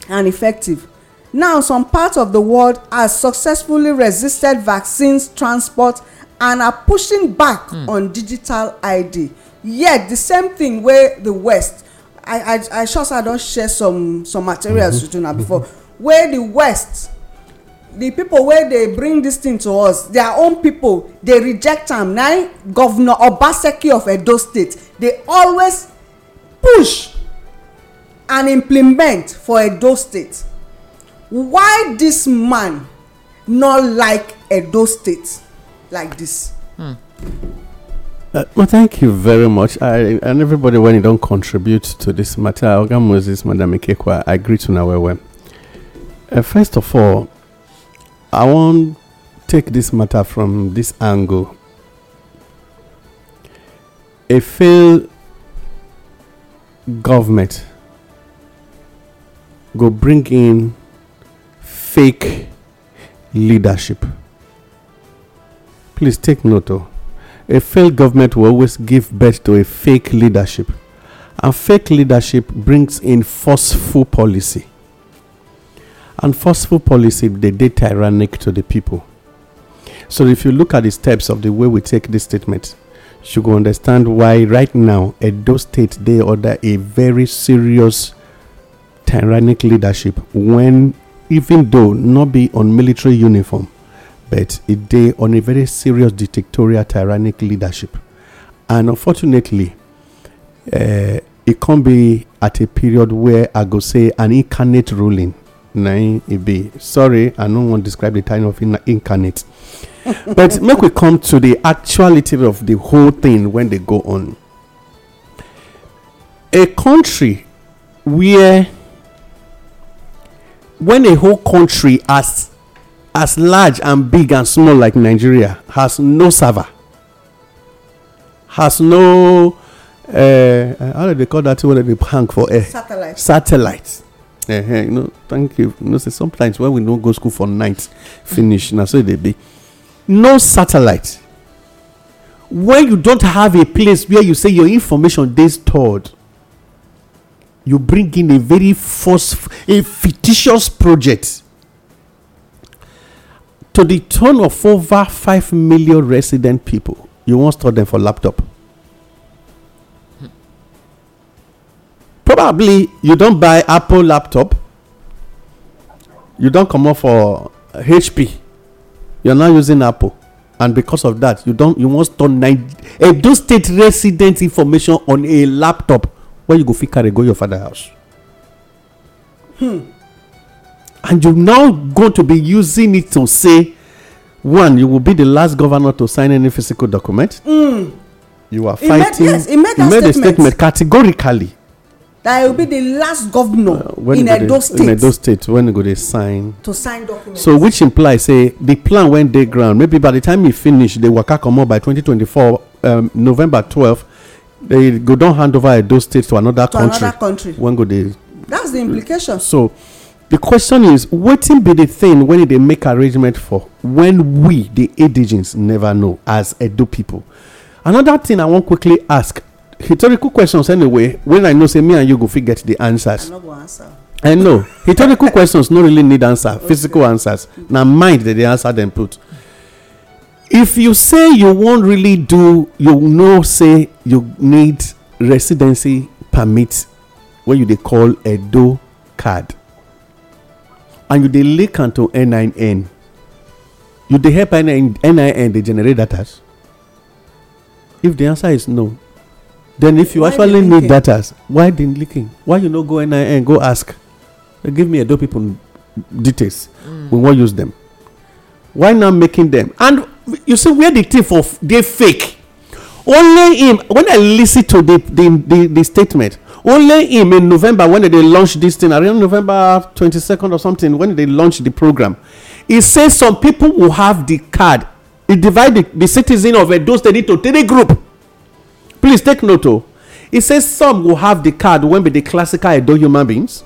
and effective. Now some parts of the world have successfully resisted vaccines transport and are pushing back mm. on digital ID yet the same thing wey the west i i i sure say i don share some some materials mm-hmm. with una mm-hmm. before wey the west the people wey dey bring this thing to us their own people dey reject am na governor obaseki of edo state dey always push and implement for edo state why this man no like edo state like this. Hmm. Uh, well, thank you very much. I, and everybody, when you don't contribute to this matter, Oga Moses, Madam Ikekwa, I greet you now. Uh, first of all, I want take this matter from this angle. A failed government go bring in fake leadership. Please take note. oh a failed government will always give birth to a fake leadership. And fake leadership brings in forceful policy. And forceful policy, they did tyrannic to the people. So if you look at the steps of the way we take this statement, you go understand why right now at those State they order a very serious tyrannic leadership when even though not be on military uniform but it day on a very serious dictatorial tyrannic leadership and unfortunately uh, e come be at a period where i go say an incarnate ruling na e be sorry i no wan describe the time of incarnate but make we come to the actuality of the whole thing when they go on a country where when a whole country as as large and big and small like Nigeria has no server, has no uh, how do they call that thing? when they hang for air? Satellite. Satellite. Uh, you know. thank you. No, say sometimes when we don't go school for night, finish now so they e be no satellite. When you don't have a place where you say your information is stored, you bring in a very false, a fictitious project to the tune of over 5 million resident people. You won't store them for laptop. Probably you don't buy Apple laptop. You don't come up for HP. You're not using Apple. And because of that, you don't you won't store nine Do eh, State resident information on a laptop where you go fit carry go your father house. Hmm and you're now going to be using it to say one you will be the last governor to sign any physical document mm. you are fighting he made, yes, he made, he made statement. a statement categorically that he will be the last governor uh, in edo state in edo state when go dey sign to sign documents. so which implies, say the plan wey dey ground maybe by the time e finish dey waka comot by 2024 um, november 12 they go don hand over edo state to another to country another country when go dey that's the implication so the question is wetin be the thing when they make arrangement for when we the indigenous, never know as edo people. another thing i want quickly ask rhetorical questions anyway when i know say me and you go fit get di answers i know rhetorical questions no really need answer physical answers na mind dey dey answer dem put if you say you wan really do you know say you need residency permit wey you dey call edo card and you dey link am to nin you dey help nin dey generate datas if the answer is no then if you actually need datas why dey leaking why you no go nin go ask give me edo people details hmm. we wan use them why not making them and you see where the thing for dey fake only him when i listen to the the the statement only him in november when they launch this thing around november twenty second or something when they launch the program e say some people will have the card e divide the the citizen of edo state into three group please take note o oh. e say some go have the card wey be the classical edo human beings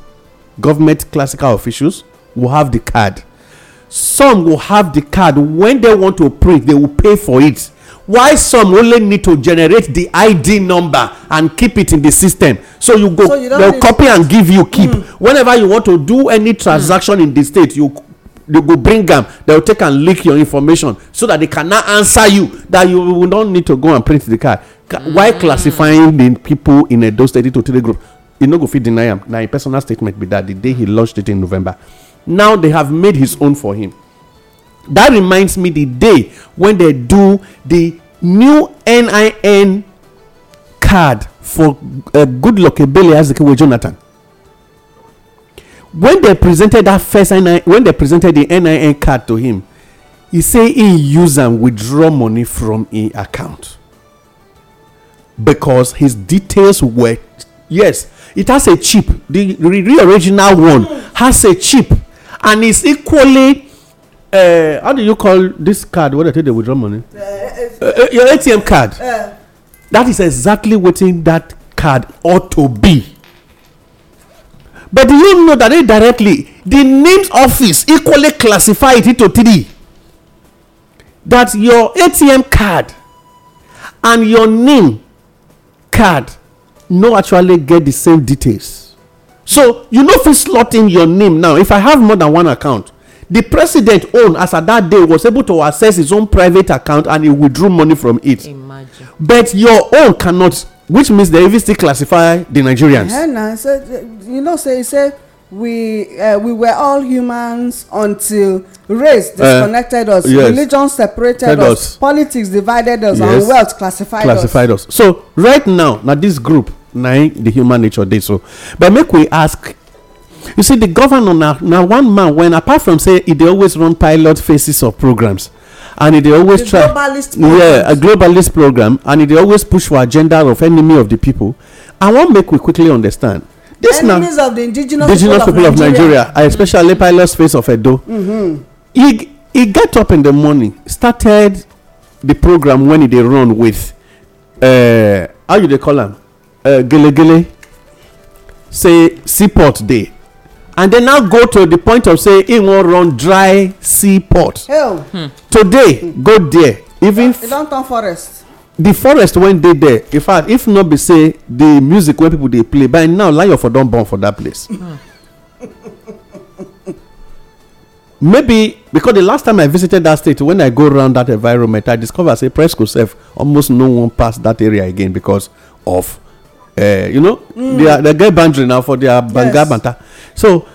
government classical officials will have the card some go have the card when they want to pray. they will pay for it why some only need to generate the id number and keep it in the system so you go so you they'll copy and give you keep mm. whenever you want to do any transaction mm. in the state you you go bring am they will take and leak your information so that they cannot answer you that you will not need to go and print the card mm. why hmm. classifying the people in a state to three group you no go fit deny am na im personal statement be that the day he launched it in november now they have made his own for him that reminds me the day when they do the new nin card for uh, goodluck ebele azikiwe jonathan when they presented that first nin when they presented the nin card to him he say he use am withdraw money from him account because his details were yes it has a chip the, the original one has a chip and it's equally uh, how do you call this card wey dey take dey withdraw money uh, uh, your atm card uh, that is exactly what in that card ought to be but do you know that indirectly the names office equally classify it into three that your atm card and your name card no actually get the same details so you know if you slot in your name now if i have more than one account the president own as at that day was able to access his own private account and he withdrew money from it Imagine. but your own cannot which means they even still classify the nigerians yeah, eh, so, eh, you know say say we uh, we were all humans until race disconnected uh, us yes. religion separated us. us. politics divided us yes. and wealth classified, classified us. us. so right now na this group na the human nature dey so but make we ask you see the governor now, now one man when apart from say e dey always run pilot phases of programs and they dey always try yeah a globalist program and they always push for agenda of enemy of the people. i want make we quickly understand dis na enemies of the indigenous people of nigeria and mm-hmm. especially pilot space of edo mm-hmm. he got up in the morning started the program when he they run with uh, how you they call am gelegele uh, say seaport Day and they now go to the point of say e wan run dry sea port hmm. today go there even e don forest the forest wey dey there in fact if no be say the music wey people dey play by now lion for don born for that place hmm. maybe because the last time i visited that state when i go around that environment i discover say presco sef almost no wan pass that area again because of uh, you know mm. they, are, they get boundary now for their banga yes. banta so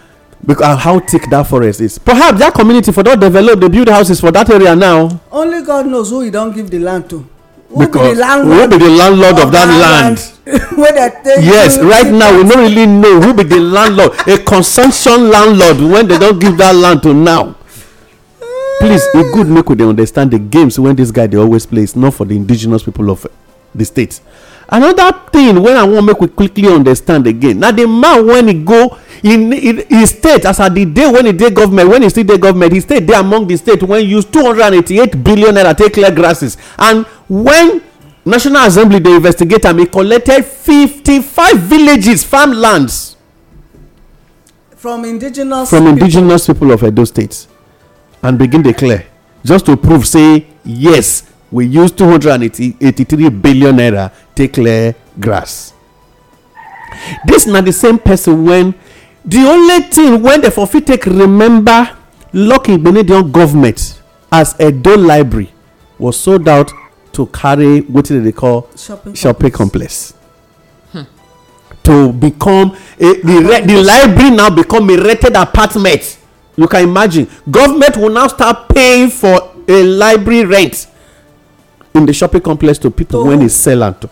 uh, how thick that forest is perhaps that community for don develop dey build houses for that area now only god knows who he don give the land to who be the landlord be the landlord of that land yes right now we no really know who be the landlord a consumption landlord when they don give that land to now please e good make we dey understand the games wey this guy dey always play is not for the indigenous people of the state another thing wey i wan make we quickly understand again na the man wen he go e state as at the day wen he dey government wen he still dey government he state dey among the state wen use two hundred and eighty-eight billion naira take clear grasses and wen national assembly dey investigate am e collected five villages farmlands from indigenous from indigenous people of edo state and begin dey clear just to prove say yes we use two hundred and eighty-eighty-three billion naira take clear grass This na the same person When the only thing when dem for fit take remember lucky benedict government as edo library was sold out to carry wetin dem dey call shopping complex to become a the library now become a rented apartment you can imagine government will now start paying for a library rent in the shopping complex to people oh. when they sell out.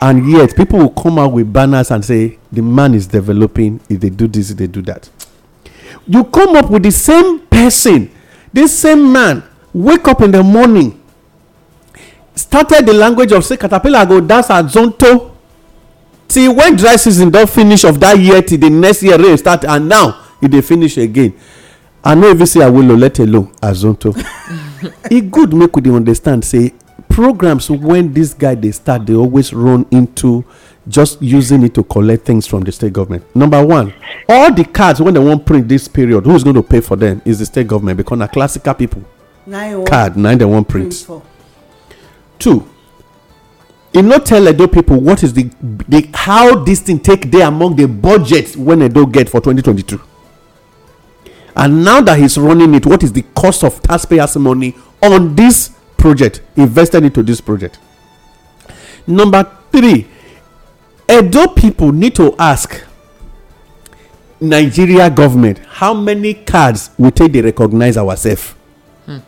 And yet, people will come out with banners and say, the man is developing, if they do this, if they do that. You come up with the same person, this same man, wake up in the morning, started the language of say, caterpillar go dance at Zonto. till when dry season don't finish of that year till the next year rain start and now if e they finish again i no say I will let alone azonto e good make we dey understand say programs when this guy dey start dey always run into just using it to collect things from the state government number one all the cards wey dem wan print this period who is going to pay for them? is the state government because na classical people card na dem wan print two e no tell edo people what is the the how this thing take dey among the budget wey edo get for 2022 And now that he's running it, what is the cost of taxpayers' money on this project, invested into this project? Number three, Edo people need to ask Nigeria government how many cards we take they recognize ourselves. Hmm.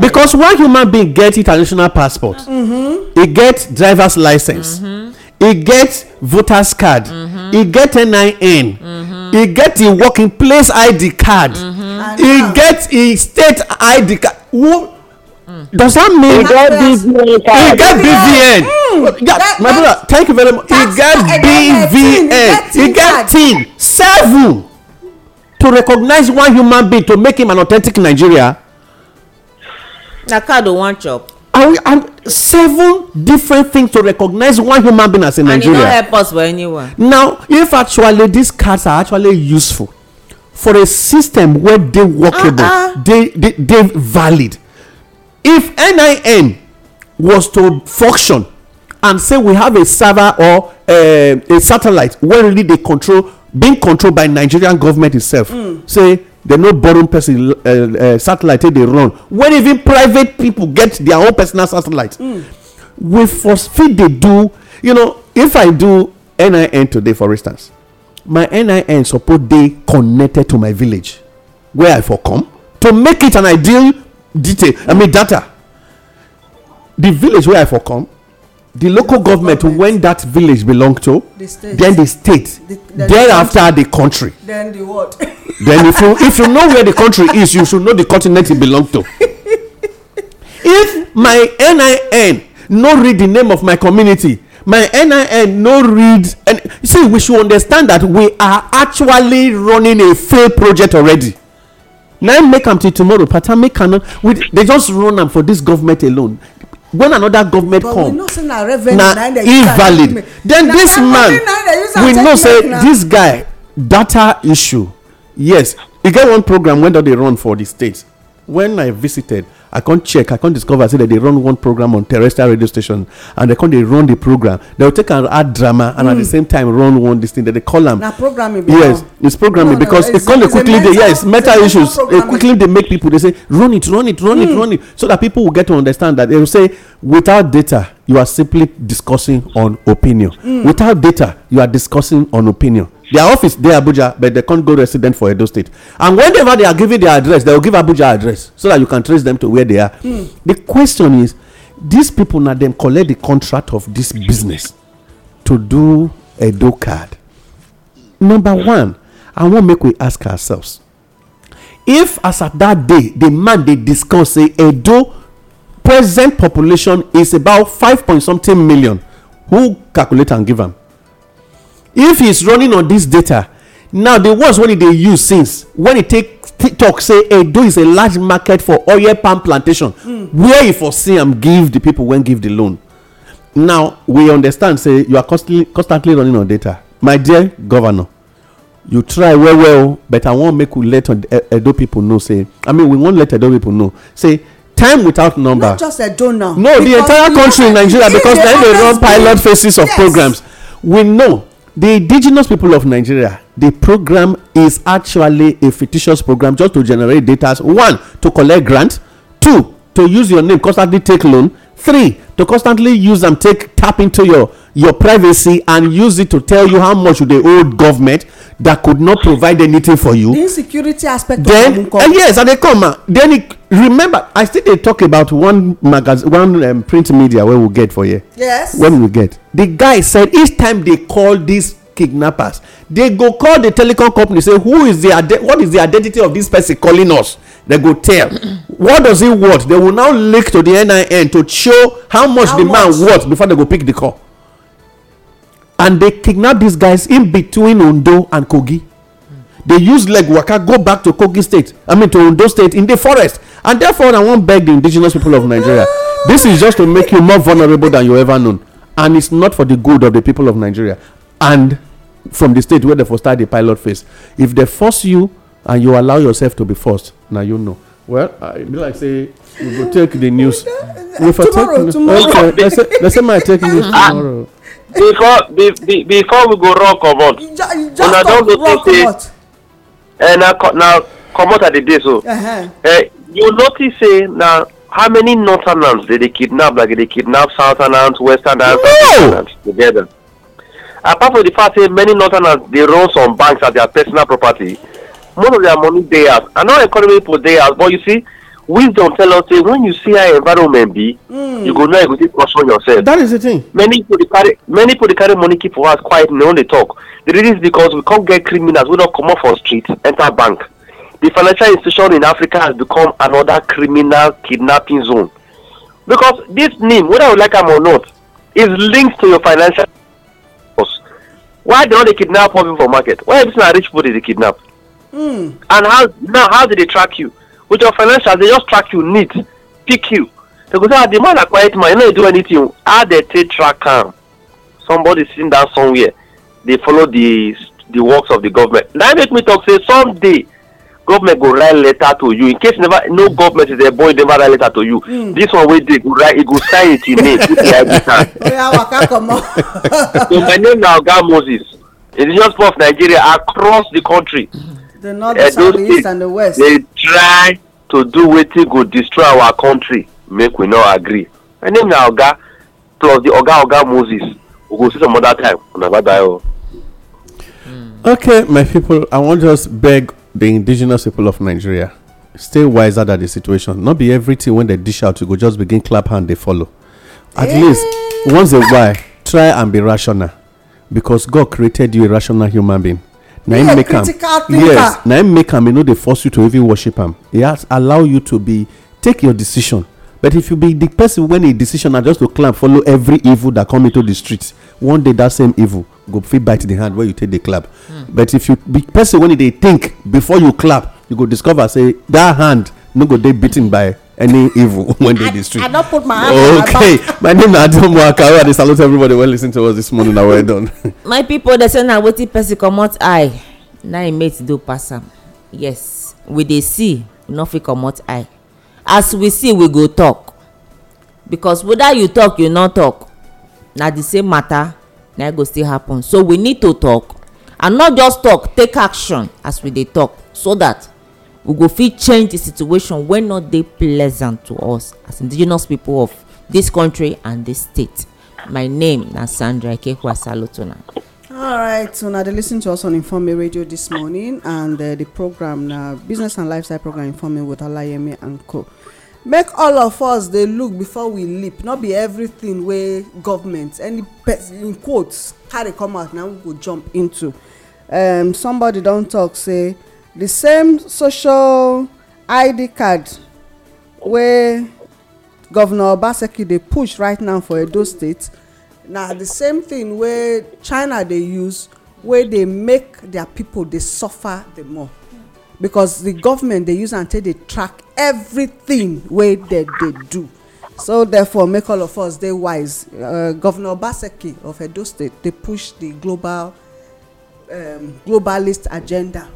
Because one human being get international passport, mm-hmm. he get driver's license, mm-hmm. he get voter's card, mm-hmm. he get NIN, mm-hmm. He get e working place id card e get e state id card who does that mean He get bvn my brother thank you very much He get bvn He get tin seven to recognize one human being to make him an authentic nigeria na card o wan chop seven different things to recognize one human being as a nigerian and e no help us for anyone now if actually these cards are actually useful for a system wey dey workable uh uh-uh. -uh. dey dey dey valid if nin was to function and say we have a server or uh, a satellite wey really dey control being controlled by nigerian government itself mm. say dem no borrow person uh, uh, satellite take dey run when even private people get their own personal satellite hmm. we for fit dey do you know if i do nin today for instance my nin suppose dey connected to my village where i for come to make it an ideal detail i mean data the village where i for come the local government when that village belong to the then the state the, then thereafter the country then the what then if you if you know where the country is you should know the continent it belong to if my nin no read the name of my community my nin no read and see we should understand that we are actually running a failed project already na make am till tomorrow pata make am they just run am for this government alone when another government but come na invalid then this man we know say this guy data issue yes e get one program wey don dey run for the state when i visited i can't check i can't discover I say that they run one program on terrestrial radio station and they can't. They run the program They will take am add drama and at the hmm. same time run one this thing that they call them. na programming yes it's programming because e come dey quickly dey yes mental issues dey quickly they make people They say run it run it run it hmm. run it so that people will get to understand that they will say without data you are simply discussing on opinion hmm. without data you are discussing on opinion their office dey abuja but they can't go resident for edo state and whenever they are giving their address they will give abuja address so that you can trace them to where they are mm. the question is these people na dem collect the contract of this business to do edo card number one i wan make we ask ourselves if as at that day the man dey discuss say edo present population is about five point something million who calculate and give am if he's running on this data now the words wey e dey use since when e take talk say edo is a large market for oil palm plantation where e for see am give the people wey give the loan now we understand say you are constantly constantly running on data my dear governor you try well well but i wan make we let edo people know say i mean we wan let edo people know say time without number not just edo now no the entire country nigeria because dem dey run pilot phases of programs we know the indigenous people of nigeria the program is actually a fictitious program just to generate data one to collect grant two to use your name constantly take loan three to constantly use am take tap into your your privacy and use it to tell you how much they owe government that could not provide anything for you. the insecurity aspect then, of income. Uh, yes and they come uh, then it, remember i still dey talk about one magazine one um, print media wey we get for here. yes when we get the guy said each time they call these kidnappers they go call the telecom company say who is the ide what is the identity of this person calling us they go tell what does he worth? they will now link to the nin to show how much how the much? man worth before they go pick the call and they kidnap these guys in between ondo and kogi They use leg waka go back to kogi state i mean to ondo state in the forest and therefore i wan beg the indigenous people of nigeria this is just to make you more vulnerable than you ever known and it's not for the good of the people of nigeria and from the state where they for start the pilot phase if they force you and you allow yourself to be forced now you know well i be like say we go take the news we for take okay let's say my take news tomorrow before be, be, before we go run comot una don notice say na comot i dey dey so Uh huh. Eh, you notice say na how many northerners dey dey kidnap like dey kidnap southerners westerners and together apart from the fact say many northerners dey run some banks as their personal property most of their money dey out I know economy people dey out but you see wisdom tell us say when you see how environment be mm. you go know you go take caution yourself that is the thing many people dey carry many people dey carry money keep for house quiet no dey talk the reason is because we come get criminals wey don comot for street enter bank the financial institution in africa has become another criminal kidnapping zone because this name whether you like am or not is linked to your financial source why dem no dey kidnap poor people for market why if na rich people dey dey kidnap mm. and how now how do they track you with your financials they just track you neat pick you they go say ah the man na quiet man he no dey do anything how dey take track am somebody sitting down somewhere dey follow the the works of the government na make me talk say someday government go write letter to you in case never no government is there boy never write letter to you mm. this one wey dey go write e go sign it in name put the id tag. oya so my name na oga moses indigenous people of nigeria across the country. Mm the north the south east and the west. They try to do wetin go destroy our country make we no agree my name na oga plus the oga oga moses we go see some other time una bye bye o. Hmm. okay my people i wan just beg the indigenous people of nigeria stay wiser than the situation no be everything wey dem dish out you go just begin clap hand dey follow at yeah. least once a while try and be rational because god created you a rational human being na him make am yes na him make am e no dey force you to even worship am e allow you to be take your decision but if you be the person when e decision na just to clap, follow every evil that come into the street one day that same evil go fit bite the hand wey you take dey clap hmm. but if you be person when e dey think before you clap you go discover say that hand no go dey beaten by any evil when they destroy. I, don't put my hand Okay, my, name is Adam Wakawa. I salute everybody who listening to us this morning. Now we're done. my people, they say now wetin person comot eye, Now im mate do pass Yes, we they see, we no fit eye. As we see, we go talk. Because whether you talk, you not talk, Now the same matter now e go still happen. So we need to talk and not just talk, take action as we they talk so that we go fit change the situation wey no dey pleasant to us as indigenous people of this country and this state my name na sandra ikekwe lotona. all right so now they listen to us on informe radio this morning and uh, the program na business and lifestyle program informe with alayemi and co make all of us dey look before we leap no be everything wey government any person in quotes carry come out na we go jump into um, somebody don talk say the same social id card wey governor obaseki dey push right now for edo state na the same thing wey china dey use wey dey make their people dey suffer the more because the government dey use am take dey track everything wey dem dey do so therefore make all of us dey wise uh, governor obaseki of edo state dey push the global um, globalist agenda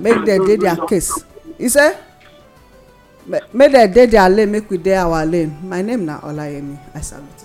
make dem dey their case e say make dem dey their lane make we dey our lane my name na olayemi i salute